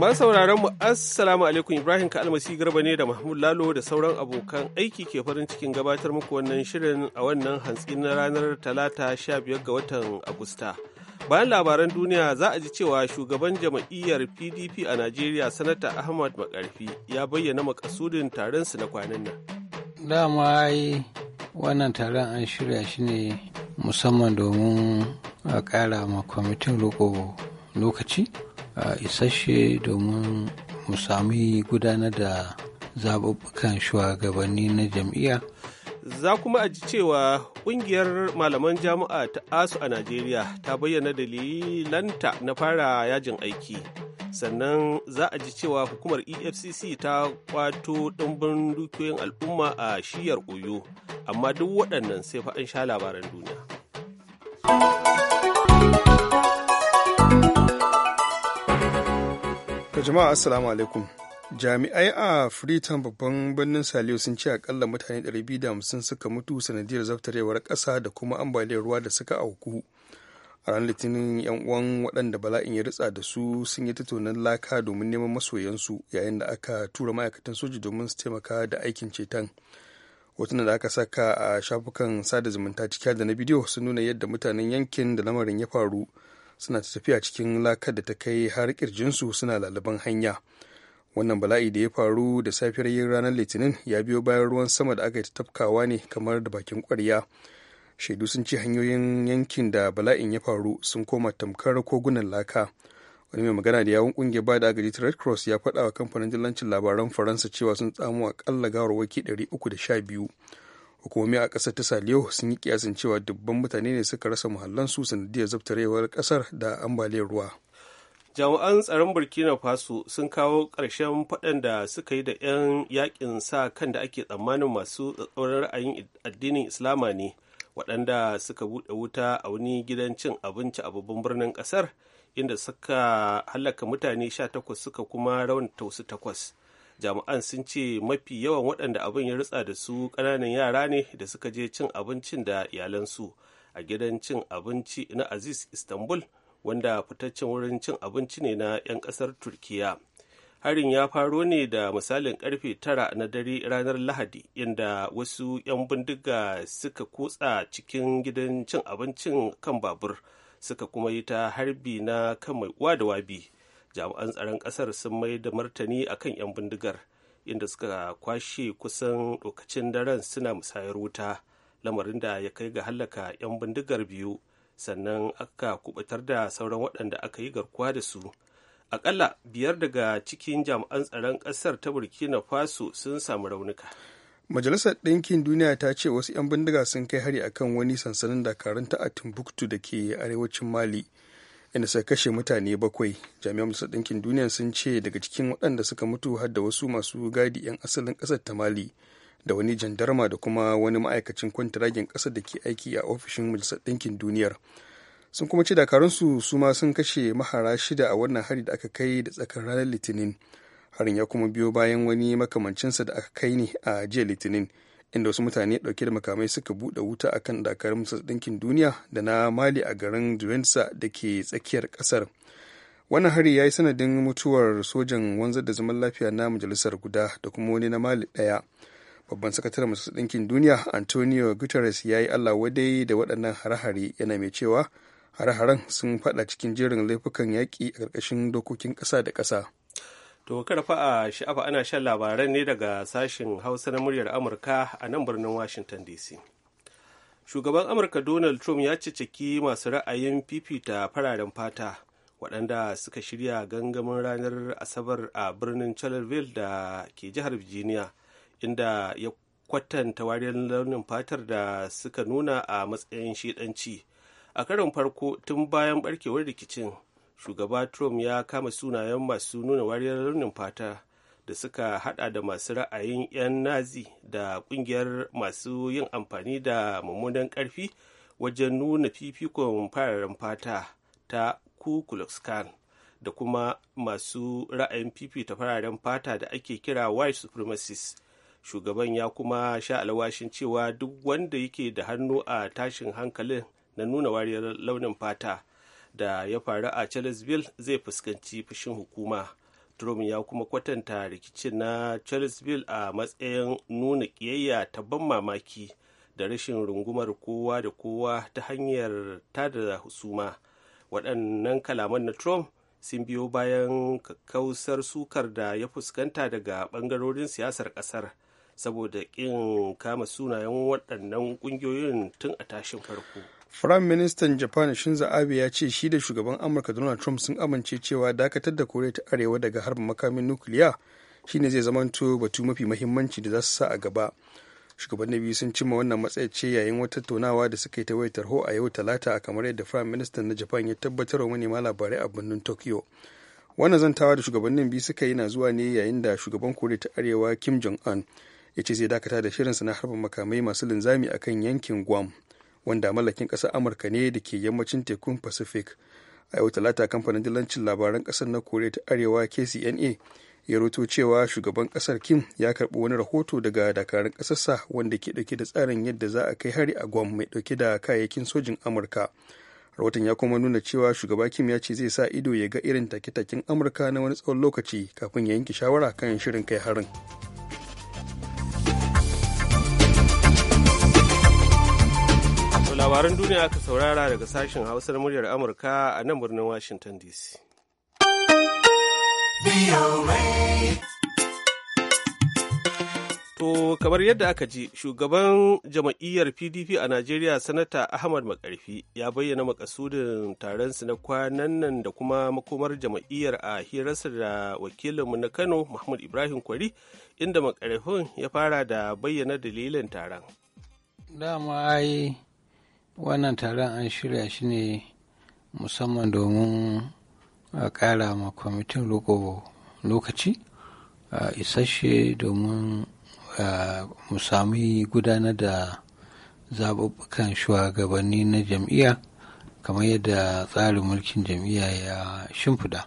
Masu sauraron mu Assalamu alaikum Ibrahim ka almasi garba ne da Mahmud Lalo da sauran abokan aiki ke farin cikin gabatar muku wannan shirin a wannan hantsi na ranar Talata 15 ga watan Agusta. Bayan labaran duniya za a ji cewa shugaban jam'iyyar PDP a Najeriya Sanata Ahmad Makarfi ya bayyana makasudin taron su na kwanan nan. Dama yi wannan taron an shirya shi ne musamman domin a kara ma kwamitin roƙo lokaci A isasshe domin mu sami gudanar da zaɓuɓɓukan shugabanni na jam'iyya. Za kuma a ji cewa ƙungiyar malaman jami'a ta ASU a Najeriya ta bayyana dalilanta na fara yajin aiki. Sannan za a ji cewa hukumar EFCC ta kwato ɗumbin dukiyoyin al'umma a shiyar Oyo, amma duk waɗannan sai fa an sha labaran duniya. ta jama'a assalamu alaikum. Jami'ai a Freetown babban birnin Saliyo sun ce akalla mutane 250 suka mutu sanadiyar zaftarewar kasa da kuma ambaliyar ruwa da suka auku. A ran Litinin yan uwan waɗanda bala'in ya ritsa da su sun yi tattaunan laka domin neman masoyansu yayin da aka tura ma'aikatan soji domin su taimaka da aikin ceton. hotunan da aka saka a shafukan sada zumunta ciki da na bidiyo sun nuna yadda mutanen yankin da lamarin ya faru suna tafiya cikin lakar da ta kai har kirjinsu suna lalaban hanya wannan bala'i da ya faru da safiyar yin ranar litinin ya biyo bayan ruwan sama da aka yi tafkawa ne kamar da bakin kwarya shaidu sun ci hanyoyin yankin da bala'in ya faru sun koma tamkar kogunan laka wani mai magana da yawun kungiyar ba da agaji red cross ya faɗa wa kamfanin dillancin labaran faransa cewa sun tsamo akalla gawarwaki 312 hukumomi a ƙasar ta saliyo sun yi kiyasin cewa dubban mutane ne suka rasa muhallansu sanadiyar zabtarewar kasar da ambaliyar ruwa jami'an tsaron burkina faso sun kawo ƙarshen faɗan da suka yi da 'yan yakin sa kan da ake tsammanin masu tsatsauran ra'ayin addinin islama ne waɗanda suka buɗe wuta a wani gidan cin abinci a babban birnin ƙasar inda suka halaka mutane 18 suka kuma raunta wasu takwas jami'an sun ce mafi yawan waɗanda abin ya rutsa da su ƙananan yara ne da suka je cin abincin da iyalansu a gidan cin abinci na aziz istanbul wanda fitaccen wurin cin abinci ne na 'yan ƙasar turkiya harin ya faro ne da misalin karfe tara na dare ranar lahadi inda wasu 'yan bindiga suka kutsa cikin gidan cin abincin kan babur suka kuma yi ta harbi na kan mai uwa da wabi jami'an tsaron ƙasar sun mai da martani akan 'yan bindigar inda suka kwashe kusan lokacin daren suna musayar wuta lamarin da ya kai ga hallaka 'yan bindigar biyu sannan aka kubutar da sauran waɗanda aka yi garkuwa da su akalla biyar daga cikin jami'an tsaron ƙasar ta burkina faso sun samu raunuka majalisar ɗinkin duniya ta ce wasu 'yan bindiga sun kai hari akan wani sansanin dakarun ta a timbuktu da ke arewacin mali inda suka kashe mutane bakwai jami'an majalisar ɗinkin duniya sun ce daga cikin waɗanda suka mutu har da wasu masu gadi 'yan asalin ƙasar tamali da wani jandarma da kuma wani ma'aikacin kwantiragin ƙasar da ke aiki a ofishin majalisar ɗinkin duniyar sun kuma ce dakarunsu su ma sun kashe mahara shida a wannan hari da aka kai da tsakar ranar litinin harin ya kuma biyo bayan wani makamancinsa da aka kai ne a jiya litinin inda wasu mutane dauke da makamai suka buɗe wuta akan dakarun musa duniya da na mali a garin juwensa da ke tsakiyar ƙasar wannan hari ya yi sanadin mutuwar sojan wanzar da zaman lafiya na majalisar guda da kuma wani na mali ɗaya babban sakataren masu ɗinkin duniya antonio guterres ya yi allah wadai da waɗannan hare-hare yana mai cewa hare-haren sun faɗa cikin jerin laifukan yaƙi a ƙarƙashin dokokin ƙasa da ƙasa To fa'a a sha'afa ana shan labaran ne daga sashen Hausa na muryar Amurka a nan birnin Washington DC. Shugaban Amurka Donald Trump ya ciciki masu ra'ayin fifita fararen fata waɗanda suka shirya gangamin ranar Asabar a birnin Charlottesville da ke jihar Virginia inda ya kwatanta wariyar launin fatar da suka nuna a matsayin shiɗanci. A karin farko tun bayan barkewar rikicin shugaba trump ya kama sunayen masu nuna wariyar launin fata da suka hada da masu ra'ayin 'yan nazi da kungiyar masu yin amfani da mummunan karfi wajen nuna fifikon fararen fata ta ku klan da kuma masu ra'ayin fifita fararen fata da ake kira white supremacist shugaban ya kuma sha alwashin cewa duk wanda yake da hannu a tashin hankalin na nuna wariyar launin fata da ya faru a charlesville zai fuskanci fushin hukuma trump ya kuma kwatanta rikicin na charlesville a matsayin nuna ƙiyayya ta ban mamaki da rashin rungumar kowa da kowa ta hanyar tada husuma waɗannan kalaman na trump sun biyo bayan kausar sukar da ya fuskanta daga ɓangarorin siyasar ƙasar saboda ƙin kama sunayen waɗannan ƙungiyoyin tun a tashin farko Firayim Ministan Japan Shinzo Abe ya ce shi da shugaban Amurka Donald Trump sun amince cewa dakatar da Koriya ta Arewa daga harbin makamin nukiliya shine zai zamanto batu mafi mahimmanci da za su sa a gaba. Shugabanni biyu sun cimma wannan matsayace yayin wata tattaunawa da suka yi ta wayar tarho a yau Talata a kamar yadda Firayim Ministan na Japan ya tabbatar wa manema labarai a birnin Tokyo. Wannan zantawa da shugabannin biyu suka yi na zuwa ne yayin da shugaban Koriya ta Arewa Kim Jong-un ya ce zai dakata da shirinsa na harbin makamai masu linzami akan yankin Guam. wanda mallakin ƙasar amurka ne da ke yammacin tekun pacific a yau talata kamfanin dillancin labaran ƙasar na koriya ta arewa kcna ya roto cewa shugaban ƙasar kim ya karɓi wani rahoto daga dakarun ƙasarsa wanda ke ɗauke da tsarin yadda za a kai hari a guam mai ɗauke da kayayyakin sojin amurka rahoton ya kuma nuna cewa shugaba kim ya ce zai sa ido ya ga irin take-taken amurka na wani tsawon lokaci kafin ya yanke shawara kan shirin kai harin. labaran duniya aka saurara daga sashen hausar muryar amurka a nan birnin washington dc To kamar yadda aka ji shugaban jama'iyyar PDP a Najeriya sanata Ahmad Makarfi ya bayyana makasudin taronsu na kwanan nan da kuma makomar jama'iyyar a hirarsa da wakilinmu na Kano Mahmud Ibrahim Kwari inda makarfin ya fara da bayyana dalilin taron. Dama ai wannan taron an shirya shi ne musamman domin a ƙara ma kwamitin roƙo lokaci a isasshe domin mu sami gudanar da zaɓuɓɓukan shugabanni na jam'iyya kamar yadda tsarin mulkin jam'iyya ya shimfiɗa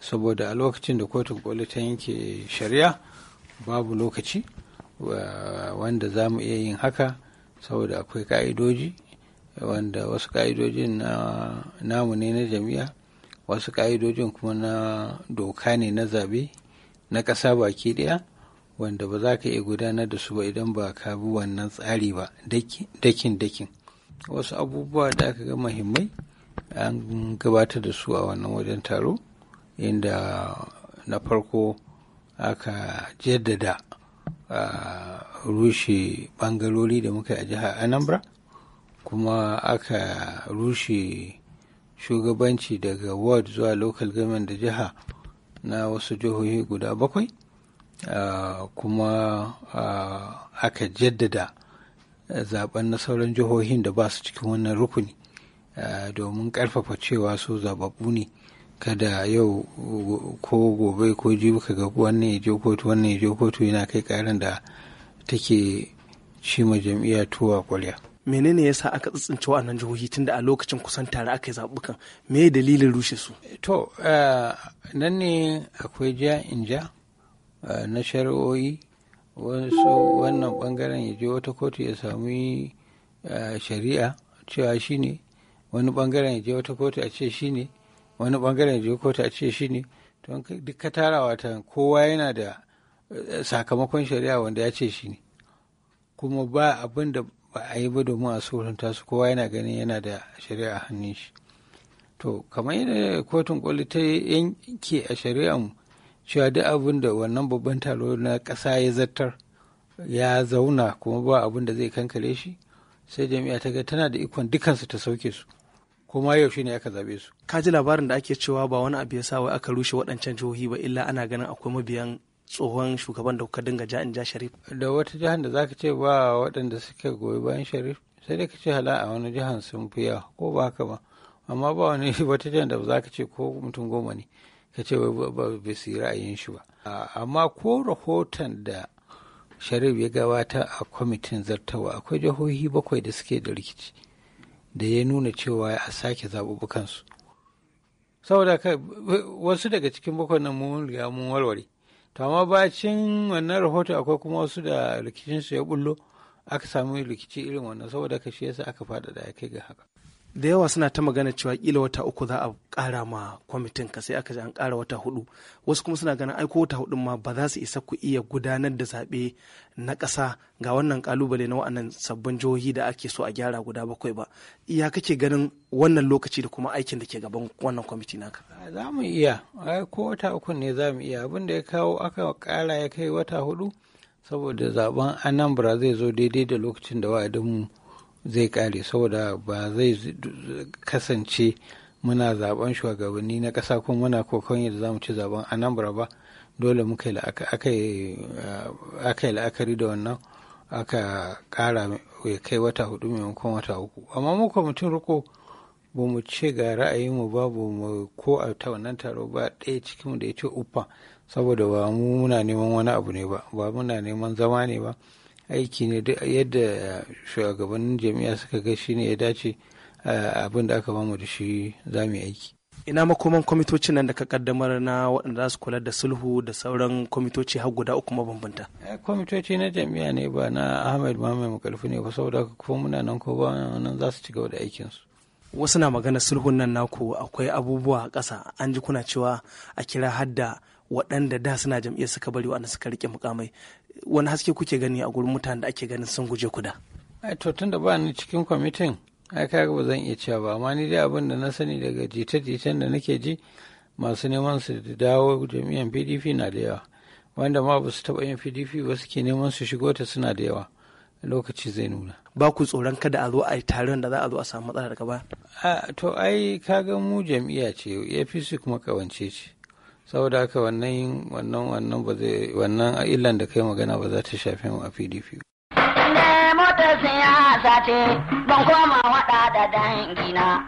saboda a lokacin da kotun koli ta yanke shari'a babu lokaci wanda za mu iya yin haka saboda akwai ka'idoji wanda wasu ka'idojin na namu ne na jami'a wasu ka'idojin kuma na doka ne na zabe na ƙasa baki ɗaya wanda ba za ka iya gudanar da su ba idan ba ka bi wannan tsari ba dakin dakin wasu abubuwa da aka ga mahimmai an gabatar da su a wannan wajen taro inda na farko aka jaddada ah, rushe bangarori da muka yi a jihar anambra kuma aka rushe shugabanci daga ward zuwa local government da jiha na wasu jihohi guda bakwai kuma aka jaddada zaben na sauran jihohin da ba su cikin wannan rukuni domin karfafa cewa su zababbu ne kada yau ko gobe ko jibi ka ga wannan ya je kotu wannan ya je kotu yana kai karin da take shi ma jam'iyya tuwa kwarya. menene ya sa aka tsitsince wa'annan jihohi tunda a lokacin kusan tare aka yi zaɓukan me dalilin rushe su to eh, nan ne akwai ja in ja eh, na shari'o'i wasu wannan bangaren ya je wata kotu ya sami eh, shari'a cewa shi ne wani bangaren ya je wata kotu a ce shi ne wani bangaren ya je kotu a ce shi ne don duk ka tara kowa yana da sakamakon shari'a wanda ya ce shi ne kuma ba abin da ba a yi ba domin a surunta su kowa yana ganin yana da shari'a hannun shi to kamar yadda kotun koli ta yanke a mu cewa duk abin da wannan babban taro na ƙasa ya zartar ya zauna kuma ba abin da zai kankale shi sai jami'a ta ga tana da ikon dukansu ta sauke su kuma yaushe ne aka zabe su ka ji labarin da ake cewa ba wani abu ya sa wai aka rushe waɗancan jihohi ba illa ana ganin akwai mabiyan tsohon shugaban da kuka dinga ja in ja sharif da wata jihar da zaka ce ba waɗanda suke goyi bayan sharif sai dai ka ce hala a wani jihar sun fi yawa ko ba haka ba amma ba wani wata jihar da zaka ce ko mutum goma ne ka ce ba su yi ra'ayin shi ba amma ko rahoton da sharif ya gabata a kwamitin zartawa akwai jihohi bakwai da suke da rikici da ya nuna cewa a sake zaɓuɓɓukansu saboda wasu daga cikin bakwai nan mun riga mun warware to amma bacin wannan rahoto akwai kuma wasu da rikicin su ya bullo aka samu rikici irin wannan saboda ka shi yasa aka faɗaɗa ya kai ga haka da yawa suna ta magana cewa kila wata uku za a kara ma kwamitin ka sai aka ji an kara wata hudu wasu kuma suna ganin aiko wata hudun ma ba za su isa ku iya gudanar da zaɓe na ƙasa ga wannan kalubale na wa'annan sabbin jihohi da ake so a gyara guda bakwai ba iya kake ganin wannan lokaci da kuma aikin da ke gaban wannan kwamiti naka za mu iya ko wata uku ne za mu iya abin da ya kawo aka kara ya kai wata hudu saboda zaben anambra zai zo daidai da lokacin da mu. zai kare saboda ba zai kasance muna zaben shugabanni na ƙasa kuma muna kokon yadda za mu ci zaben anambra ba dole muka yi la'akari da wannan aka ƙara ya kai wata hudu maimakon wata uku amma muka mutum riko ba mu ce ga ra'ayinmu babu mu ko a ta wannan taro ba ɗaya cikinmu da ya ce uffa saboda ba mu muna neman wani abu ne ba ba muna neman zama ne ba aiki ne duk yadda shugabannin jami'a suka ga shi ne ya dace abin da aka bamu da shi za mu aiki ina makoman kwamitocin nan da ka kaddamar na waɗanda za su kula da sulhu da sauran kwamitoci har guda uku mabambanta eh, kwamitoci na jami'a ne ba na ahmed muhammad mukalfi ne ba saboda kuma muna nan ko ba nan za su ci gaba da aikinsu wasu na magana sulhun nan naku akwai abubuwa a ƙasa an ji kuna cewa a kira hadda waɗanda da suna jam'iyyar suka bari waɗanda suka rike mukamai wani haske kuke gani a gurin mutanen da ake ganin sun guje kuda to tun da ba ni cikin kwamitin ai kaga ba zan iya cewa ba amma ni dai abin da na sani daga jita-jitan da nake ji masu neman su dawo jam'iyyar pdp na da yawa wanda ma ba su taɓa yin pdp ba suke neman su shigo ta suna da yawa lokaci zai nuna ba ku tsoron kada a zo a yi taron da za a zo a samu matsala daga baya to ai kaga mu jam'iyya ce apc kuma kawance ce saboda haka wannan wannan wannan ba zai wannan illan da kai magana ba za ta shafe mu a PDP ne motar siyasa ce ban koma wada da dangina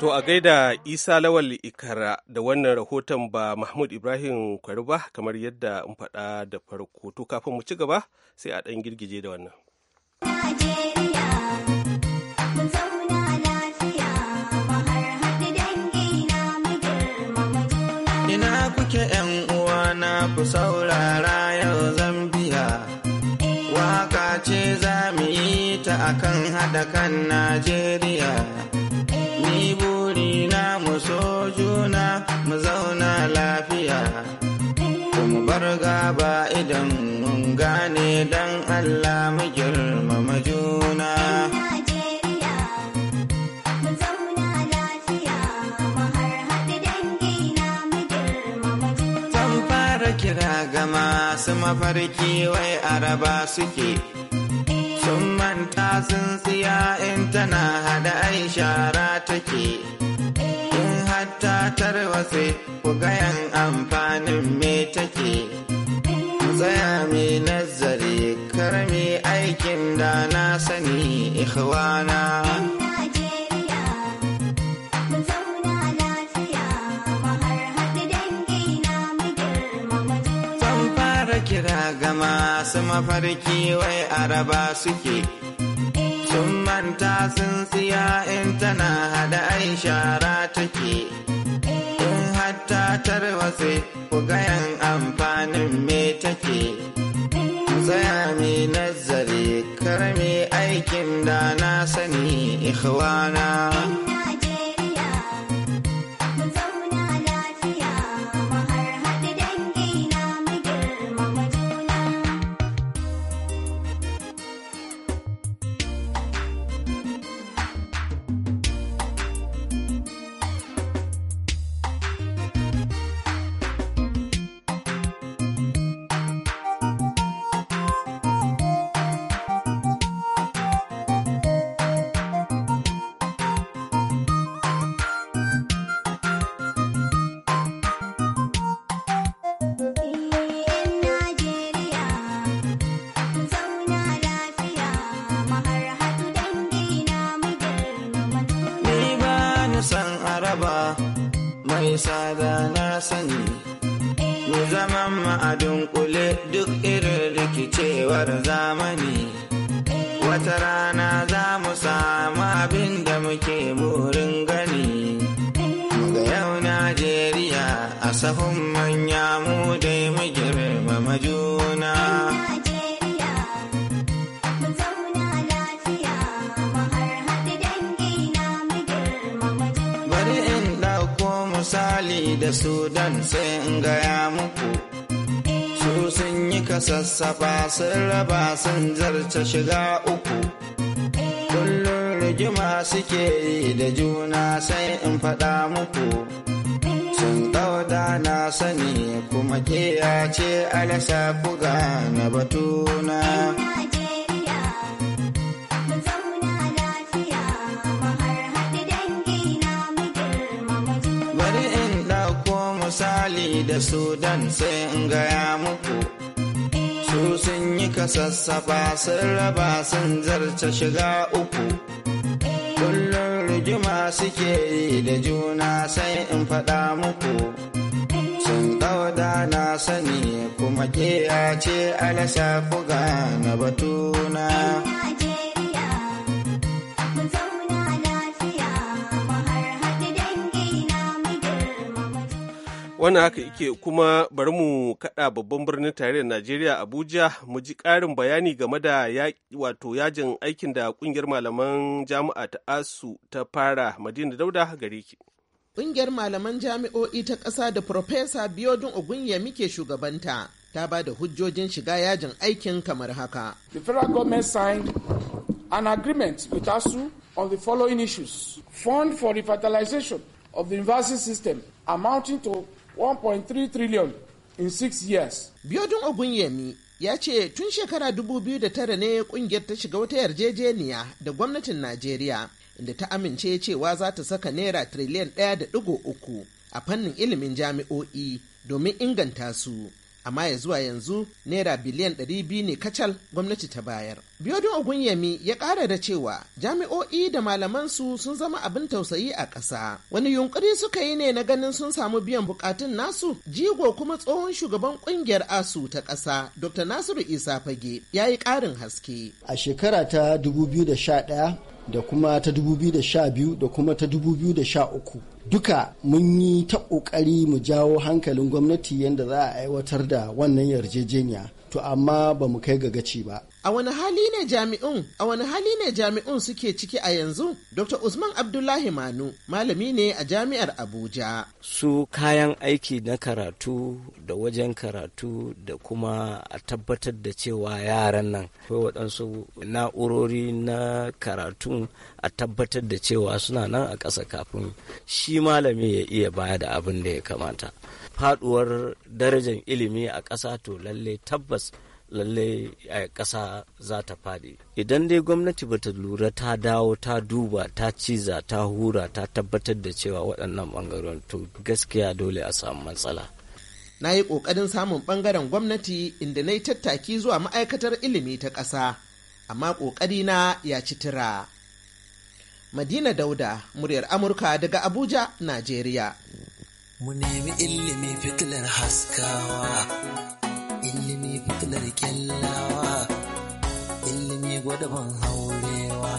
To a gaida Isa Lawal Ikara da wannan rahoton ba Mahmud Ibrahim Kwari ba kamar yadda in faɗa da farko. To kafin mu ci gaba sai a ɗan girgije da wannan. Ina kuke ‘yan uwa na ku saurara yau zambi. ce za mu yi ta akan haɗa kan Najeriya. Ni buri na mu so juna mu zauna lafiya. Mu bar gaba idan mun gane don Allah mu girmama juna. kira ga masu mafarki wai araba suke sun manta sun siya in tana hada ai shara take in hatta tarwatse ku gayan amfanin me take tsaya mai nazari karmi aikin da na sani ikhwana. masu mafarki wai araba suke sun manta sun siya in tana hada ai shara take in hatta tarwatse ku gayan amfanin me take tsaya mai nazari karmi aikin da na sani ikhwana. sani mu zaman ma'adin kule duk irin rikicewar zamani wata rana za mu samu abin da muke burin gani ga yau najeriya a sahun manya mu dai muke da su dan sai in gaya muku su sun yi kasassafa sun raba sun zarce shiga uku kullum rigima suke yi da juna sai in faɗa muku sun ɗauda na sani kuma ke ce alasa buga na batuna. da su dan sai in gaya muku su sun yi kasassafa sun raba sun zarce shiga uku kullum rigima suke yi da juna sai in faɗa muku sun ɗauda na sani kuma ke ce alasa buga na batuna. wannan haka ike kuma bari mu kada babban birnin tarayyar najeriya abuja mu ji karin bayani game da wato yajin aikin da kungiyar malaman jami'a ta asu ta fara madina dauda gare ki kungiyar malaman jami'o'i ta ƙasa da Profesa biodun ogunyemi muke shugabanta ta ba da hujjojin shiga yajin aikin kamar haka the federal government signed an agreement with asu on the following issues fund for revitalization of the university system amounting to 1.3 trillion in six years. Biodun Ogunyemi ya ce tun shekara 2009 ne kungiyar ta shiga wata yarjejeniya da gwamnatin Najeriya inda ta amince cewa za ta saka naira triliyan 1.3 a fannin ilimin jami'o'i domin inganta su. amma ya zuwa yanzu naira biliyan 200 ne kacal gwamnati ta bayar. Ogun Ogunyemi ya ƙara da cewa jami'o'i da malamansu sun zama abin tausayi a ƙasa. Wani yunkuri suka yi ne na ganin sun samu biyan bukatun nasu jigo kuma tsohon shugaban ƙungiyar ASU ta ƙasa Dr. Nasiru Isa Fage ya yi ƙarin haske. A shekara ta 2011 da kuma ta 2012 da kuma ta 2013 duka mun yi ta ƙoƙari mu jawo hankalin gwamnati yadda za a aiwatar da wannan yarjejeniya to amma ba mu kai gagaci ba. A wani hali ne jami'un, a wani hali ne jami'un suke ciki a yanzu? Dr. Usman Abdullahi Manu, malami ne a jami'ar Abuja. Su kayan aiki na karatu da wajen karatu da kuma a tabbatar da cewa yaran nan Kwai waɗansu na'urori na karatu a tabbatar da cewa suna nan a ƙasa kafin shi malami ya iya baya da abin da ya kamata. faduwar darajar ilimi a ƙasa to lalle tabbas lalle a eh, ƙasa za ta faɗi idan dai gwamnati bata lura ta dawo ta duba ta ciza ta hura ta tabbatar da cewa waɗannan ɓangaren to gaskiya dole a samu matsala na yi ƙoƙarin samun ɓangaren gwamnati inda na yi tattaki zuwa ma'aikatar ilimi ta ƙasa amma ƙoƙari na ya ci tira madina dauda muryar amurka daga abuja najeriya Mu nemi ilimi fitilar haskawa, ilimi fitilar kyallawa, ilimi gwadaban haurewa,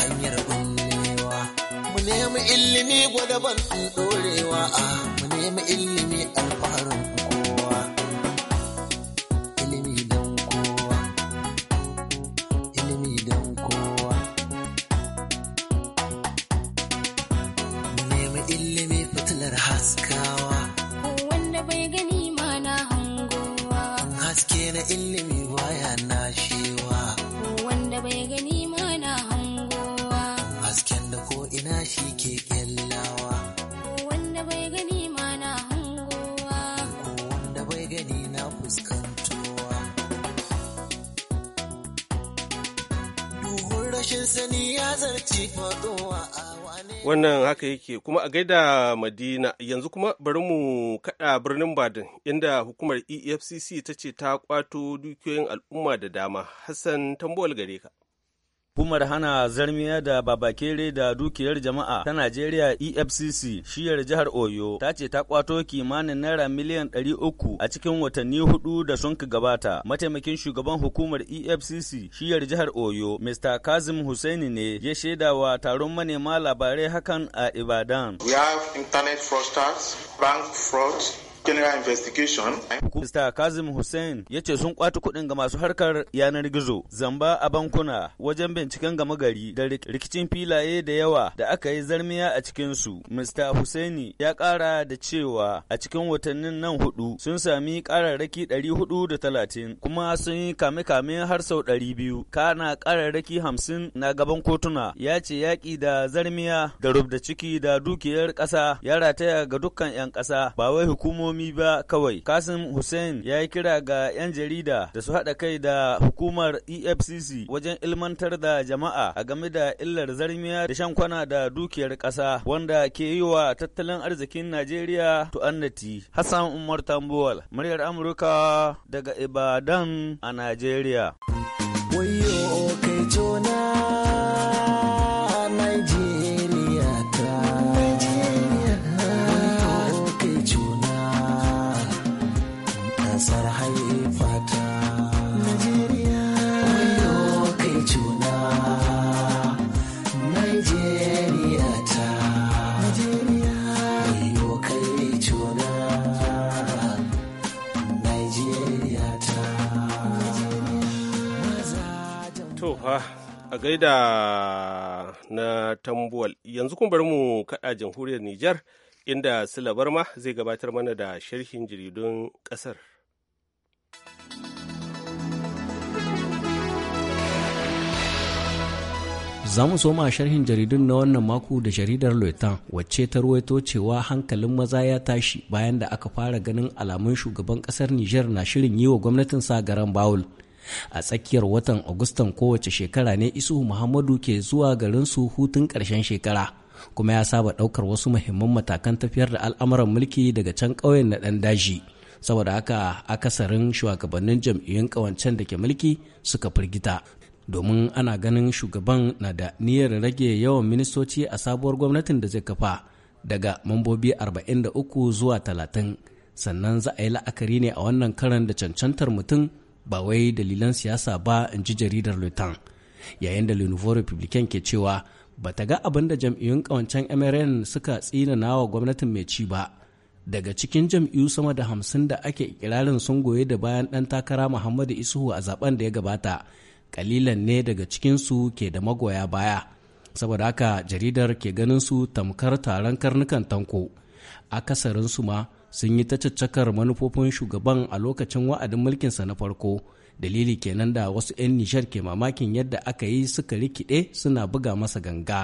hanyar bullewa. Mu nemi ilimi gwadaban ɗorewa, ah, mu nemi ilimi alfaharin Wannan haka yake kuma a gaida Madina yanzu kuma bari mu kada birnin Badin inda hukumar EFCC ta ce ta kwato dukiyoyin al'umma da dama. Hassan tambol gare ka. Hukumar hana zarmiya da babakere da dukiyar jama'a ta Najeriya EFCC shiyar jihar Oyo ta ce ta kwato kimanin naira miliyan ɗari uku a cikin watanni hudu da sun gabata. Mataimakin shugaban hukumar EFCC shiyar jihar Oyo, Mr. Kazim Hussaini ne ya shaida wa taron manema labarai hakan a Ibadan. We have internet fraudsters, bank frauds, general investigation. Eh? Mr. Kazim Hussein ya ce sun kwata kuɗin ga masu harkar yanar gizo, zamba a bankuna, wajen binciken gama gari da rikicin filaye da yawa da aka yi zarmiya a cikinsu. Mr. Hussein ya ƙara da cewa a cikin watannin nan hudu sun sami ƙararraki ɗari hudu da talatin kuma sun yi kame-kame har sau ɗari biyu. Kana ƙararraki hamsin na gaban kotuna ya ce yaƙi da zarmiya da rubda ciki da dukiyar ƙasa ya rataya ga dukkan 'yan ƙasa ba wai hukumomi komi ba kawai. Kasim Hussein ya yi kira ga 'yan jarida da su haɗa kai da hukumar EFCC wajen ilmantar da jama'a a game da illar zarmiya da shan kwana da dukiyar ƙasa wanda ke yi wa tattalin arzikin Najeriya tu'annati. Hassan Umar Tambuwal, muryar Amurka daga Ibadan a Najeriya. gaida na tambuwal yanzu kun bari mu kaɗa jamhuriyar Nijar inda Sula Barma zai gabatar mana da sharhin jaridun ƙasar. Za mu soma sharhin jaridun na wannan mako da jaridar Loitan wacce ta ruwaito cewa hankalin maza ya tashi bayan da aka fara ganin alamun shugaban kasar Nijar na shirin yi wa gwamnatin sa garan Bawul. a tsakiyar watan agustan kowace shekara ne isuhu muhammadu ke zuwa garin su hutun ƙarshen shekara kuma ya saba ɗaukar wasu muhimman matakan tafiyar da al'amuran mulki daga can ƙauyen na ɗan daji saboda haka akasarin shugabannin jam'iyyun ƙawancen da ke mulki suka firgita domin ana ganin shugaban na da niyyar rage yawan ministoci a sabuwar gwamnatin da zai kafa daga mambobi 43 zuwa 30 sannan za a yi la'akari ne a wannan karan da cancantar mutum ba wai dalilan siyasa ba in ji jaridar lutan yayin da le nouveau republican ke cewa ba ta ga abin da jam'iyyun kawancen mrn suka tsinana wa gwamnatin mai ci ba daga cikin jam'iyyu sama da hamsin da ake kirarin sun goye da bayan ɗan takara muhammadu isuhu a zaben da ya gabata kalilan ne daga cikinsu ke da magoya baya saboda haka jaridar ke ganin su tamkar taron karnukan tanko su ma sun yi ta caccakar manufofin shugaban a lokacin wa'adin mulkinsa na farko dalili kenan da wasu 'yan nishar ke mamakin yadda aka yi suka rikide suna buga masa ganga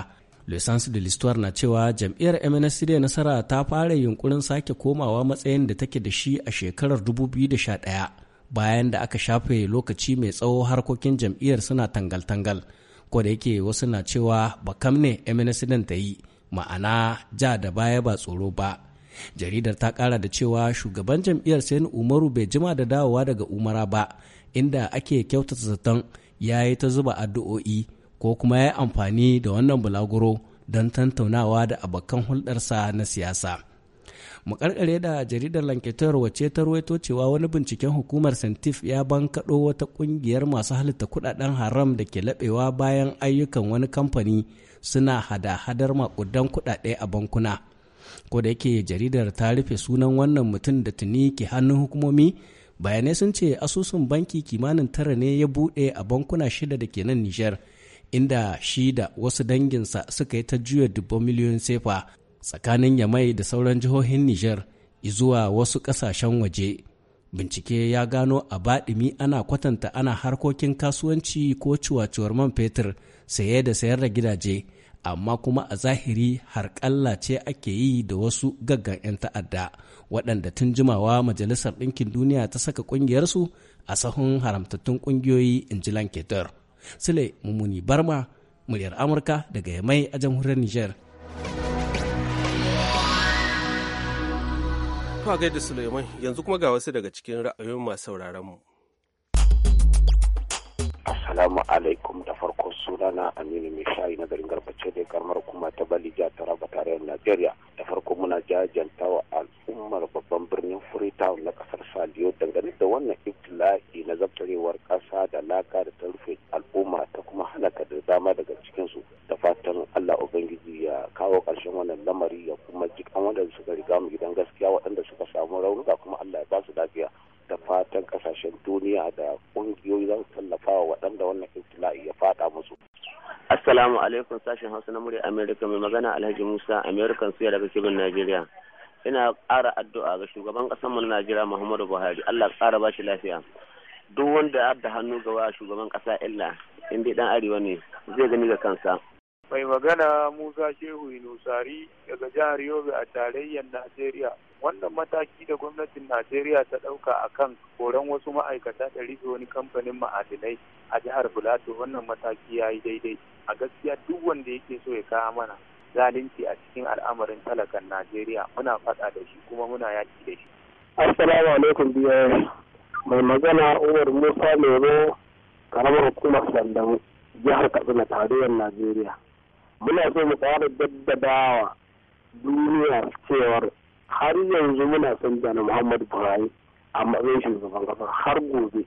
lissansu de listuwar na cewa jam'iyyar mnsd nasara ta fara yunkurin sake komawa matsayin da take da shi a shekarar 2011 bayan da aka shafe lokaci mai tsawo harkokin jam'iyyar suna tangal-tangal ko da yake wasu na cewa bakam ne mnsd ta yi ma'ana ja da baya ba tsoro ba jaridar ta kara da cewa shugaban jam'iyyar sayin umaru bai jima da dawowa daga umara ba inda ake kyautata zaton ya yi ta zuba addu'o'i ko kuma ya yi amfani da wannan bulaguro don tantaunawa da abokan hulɗarsa na siyasa makarkare da jaridar lanketar wace ta ruwaito cewa wani binciken hukumar santif ya bankaɗo wata ƙungiyar masu halitta kudaden haram da ke laɓewa bayan ayyukan wani kamfani suna hada-hadar maƙudan kudade a bankuna ko da yake jaridar ta rufe sunan wannan mutum da tuni ke hannun hukumomi bayanai sun ce asusun banki kimanin tara ne ya buɗe a bankuna shida da ke nan nijar inda shi da wasu danginsa suka yi ta juya dubban miliyoyin sefa tsakanin yamai da sauran jihohin nijar zuwa wasu ƙasashen waje bincike ya gano a baɗimi ana kwatanta ana harkokin kasuwanci ko cuwacuwar man fetur saye da sayar da gidaje amma kuma a zahiri harƙalla ce ake yi da wasu gaggan 'yan ta'adda waɗanda tun jimawa majalisar ɗinkin duniya ta saka ƙungiyarsu a sahun haramtattun ƙungiyoyi in ji lanketer sule mummuni barma muryar amurka daga yamai a jamhuriyar niger Kwa yanzu kuma ga wasu daga cikin ra'ayoyin masu sauraron mu. Assalamu alaikum da farko sunana aminu mai shayi na garin garbace da karamar kuma ta balija ta raba tarayyar najeriya da farko muna jajanta wa al'ummar babban birnin freetown na kasar saliyo dangane da wannan ibtila'i na zabtarewar kasa da laka da ta rufe al'umma ta kuma halaka da dama daga cikinsu da fatan allah ubangiji ya kawo ƙarshen wannan lamari ya kuma jikan wanda suka riga mu gidan gaskiya waɗanda suka samu raunuka kuma allah ya ba su lafiya da fatan kasashen duniya da kungiyoyi za su tallafa wa waɗanda wannan iftila'i ya fada musu. Assalamu alaikum sashen Hausa na murya Amerika mai magana Alhaji Musa American suya daga Kebbi Najeriya. Ina ƙara addu'a ga shugaban ƙasar mu Najeriya Muhammadu Buhari Allah ƙara ba shi lafiya. Duk wanda ya da hannu gaba shugaban ƙasa illa in dai dan arewa ne zai gani ga kansa. mai magana musa shehu inusari daga jihar yobe a tarayyar najeriya wannan mataki da gwamnatin najeriya ta ɗauka a kan koran wasu ma'aikata da rufe wani kamfanin ma'adinai a jihar bulato wannan mataki ya yi daidai a gaskiya duk wanda yake so ya kawo mana zalunci a cikin al'amarin talakan najeriya muna faɗa da shi kuma muna yaki da shi assalamu alaikum biyar mai magana umar musa lero karamar hukumar sandan jihar katsina tarayyar najeriya muna so mu fara daddadawa duniya cewar har yanzu muna son jana muhammadu buhari a matsayin shugaban kasa har gobe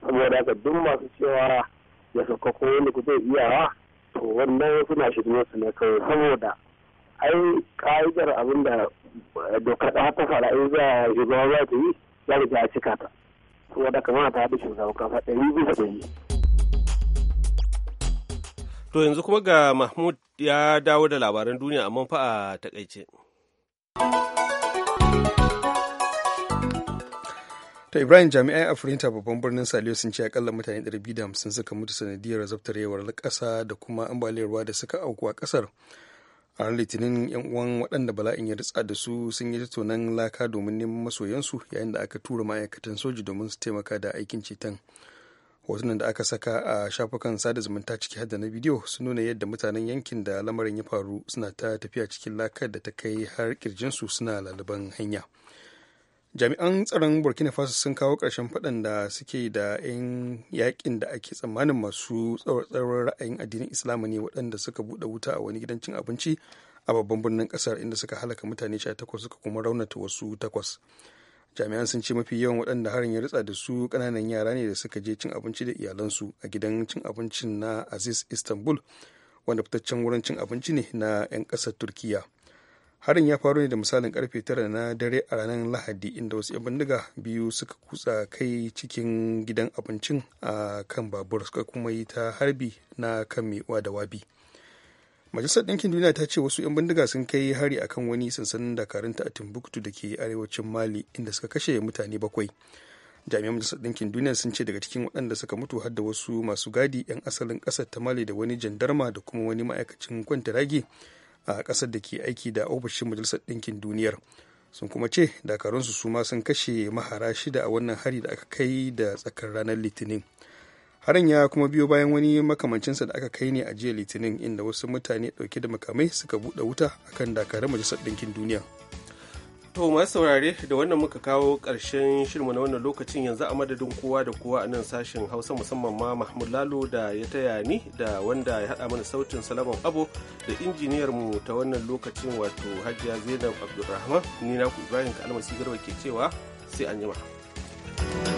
saboda haka duk masu cewa ya sauka ko wani ku iyawa to wannan suna shirye su ne kawai saboda ai ka'idar abin da dokar da ta fara in za a shugaba za ta yi ya riga a cika ta saboda kamar ta haɗu shugaban kasa ɗari biyu da ɗari To yanzu kuma ga Mahmud ya dawo da labaran duniya a manfa a takaice. ta ibrahim jami'ai a firinta babban birnin saliyo sun ce akalla mutane 250 suka mutu sanadiyar zabtarewar kasa da kuma ambaliyar ruwa da suka auku a kasar a ran litinin yan uwan waɗanda bala'in ya ritsa da su sun yi tattaunan laka domin neman masoyansu yayin da aka tura ma'aikatan soji domin su taimaka da aikin ceton hotunan da aka saka a shafukan sada zumunta ciki har na bidiyo sun nuna yadda mutanen yankin da lamarin ya faru suna ta tafiya cikin lakar da ta kai har kirjinsu suna laliban hanya jami'an tsaron burkina faso sun kawo ƙarshen faɗan da suke da 'yan yakin da ake tsammanin masu tsauraran ra'ayin addinin islamu ne waɗanda suka buɗe wuta a wani gidan cin abinci a babban birnin ƙasar inda suka halaka mutane 18 suka kuma raunata wasu takwas jami'an sun ce mafi yawan waɗanda harin ya ritsa da su ƙananan yara ne da suka je cin abinci da iyalansu a gidan cin abincin na aziz istanbul wanda fitaccen wurin cin abinci ne na 'yan ƙasar turkiya harin ya faru ne da misalin karfe tara na dare a ranar lahadi inda wasu 'yan bindiga biyu suka kutsa kai cikin gidan abincin a kan babur suka kuma yi ta harbi na kan uwa da wabi majalisar ɗinkin duniya ta ce wasu 'yan bindiga sun kai hari akan wani sansanin dakarunta a timbuktu da ke arewacin mali inda suka kashe mutane bakwai jami'an majalisar ɗinkin duniya sun ce daga cikin waɗanda suka mutu har da wasu masu gadi 'yan asalin ƙasar ta mali da wani jandarma da kuma wani ma'aikacin kwantaragi a ƙasar da ke aiki da ofishin majalisar ɗinkin duniyar sun kuma ce dakarunsu su ma sun kashe mahara shida a wannan hari da aka kai da tsakar ranar litinin harin ya kuma biyo bayan wani makamancinsa da aka kai ne a jiya litinin inda wasu mutane dauke da makamai suka buɗe wuta akan dakarun majalisar ɗinkin duniya to masu saurare da wannan muka kawo ƙarshen shirmu na wannan lokacin yanzu a madadin kowa da kowa a nan sashen hausa musamman ma mahmud lalo da ya taya ni da wanda ya haɗa mana sautin salama abo da injiniyar mu ta wannan lokacin wato hajiya zainab abdulrahman ni naku ibrahim kalmasi garba ke cewa sai an jima. thank